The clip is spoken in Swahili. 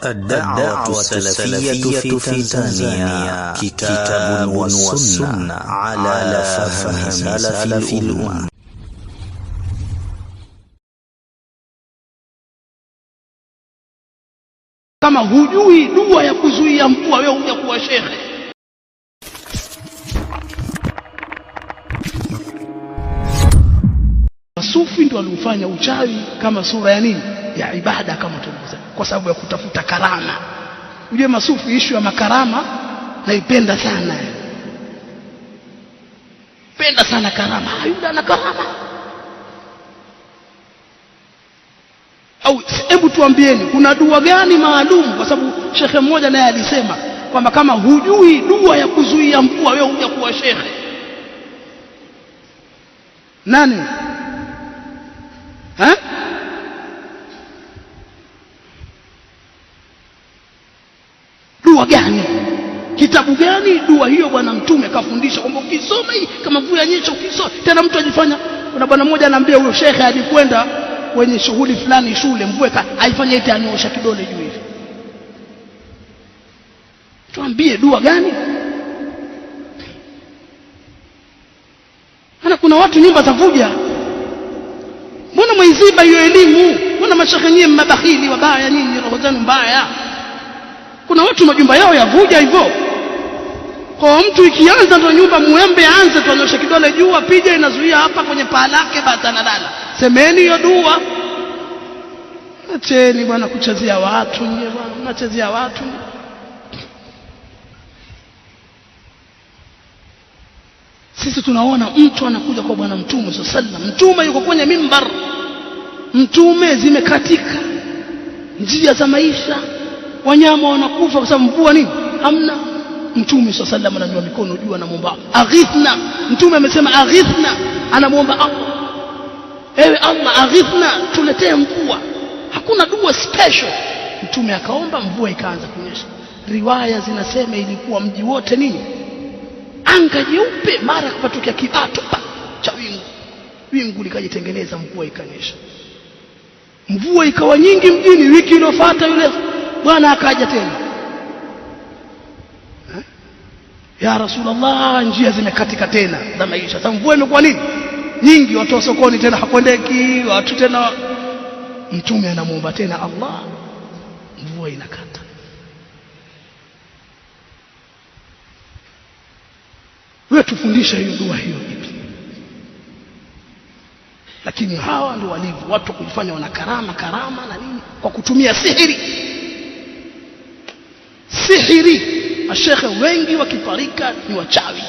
Ad-da'watu salafiyatu fi Tanzania kitabun wa sunna ala fahmi salafil umma. Kama hujui dua ya kuzuia mvua, wewe huja kuwa shekhe. Wasufi ndio walimfanya uchawi kama sura ya nini ya ibada, kama tulivyosema kwa sababu ya kutafuta karama. Ujue masufi, ishu ya makarama naipenda sana, penda sana karama. Hayuda ana karama au? Hebu tuambieni, kuna dua gani maalum? Kwa sababu shekhe mmoja naye alisema kwamba kama hujui dua ya kuzuia mvua, wewe huja kuwa shekhe nani gani? Kitabu gani? Dua hiyo Bwana Mtume kafundisha kwamba ukisoma hii kama vua nyesha, ukisoma tena. Mtu ajifanya, kuna bwana mmoja anaambia huyo shekhe alikwenda kwenye shughuli fulani shule, mvua aifanya eti anyosha kidole juu hivi. Tuambie dua gani? Ana kuna watu nyumba vuja mbona mwaiziba hiyo elimu? Mbona mashekhe nyie mmabakhili wabaya, nyinyi roho zenu mbaya kuna watu majumba yao yavuja hivyo. Kwa mtu ikianza ndo nyumba muembe aanze tu, kidole juu, apige inazuia hapa kwenye paa lake, batanalala. Semeni hiyo dua. Acheni bwana kuchezea watu nyie, bwana mnachezea watu. Sisi tunaona mtu anakuja kwa Bwana Mtume sallallahu alaihi wasallam, mtume yuko kwenye mimbar, mtume zimekatika njia za maisha wanyama wanakufa kwa sababu mvua nini hamna. Mtume swalla sallam ananyua mikono juu, anamwomba aghithna. Mtume amesema aghithna, anamwomba Allah, ewe Allah, aghithna, tuletee mvua. Hakuna dua special. Mtume akaomba mvua ikaanza kunyesha. Riwaya zinasema ilikuwa mji wote nini, anga jeupe, mara kupatokea kibato cha wingu, wingu likajitengeneza, mvua ikanyesha. Mvua ikawa nyingi mjini. Wiki iliyofuata yule bwana akaja tena ha? Eh? ya Rasulullah, njia zimekatika tena za maisha. Sasa mvua imekuwa nini nyingi, watu wa sokoni tena hakwendeki, watu tena. Mtume anamwomba tena Allah, mvua inakata wewe tufundisha hiyo dua hiyo ipi? Lakini hawa ndio walivyo watu, kujifanya wana karama karama na nini, kwa kutumia sihiri sihiri mashekhe wengi wakifarika ni wachawi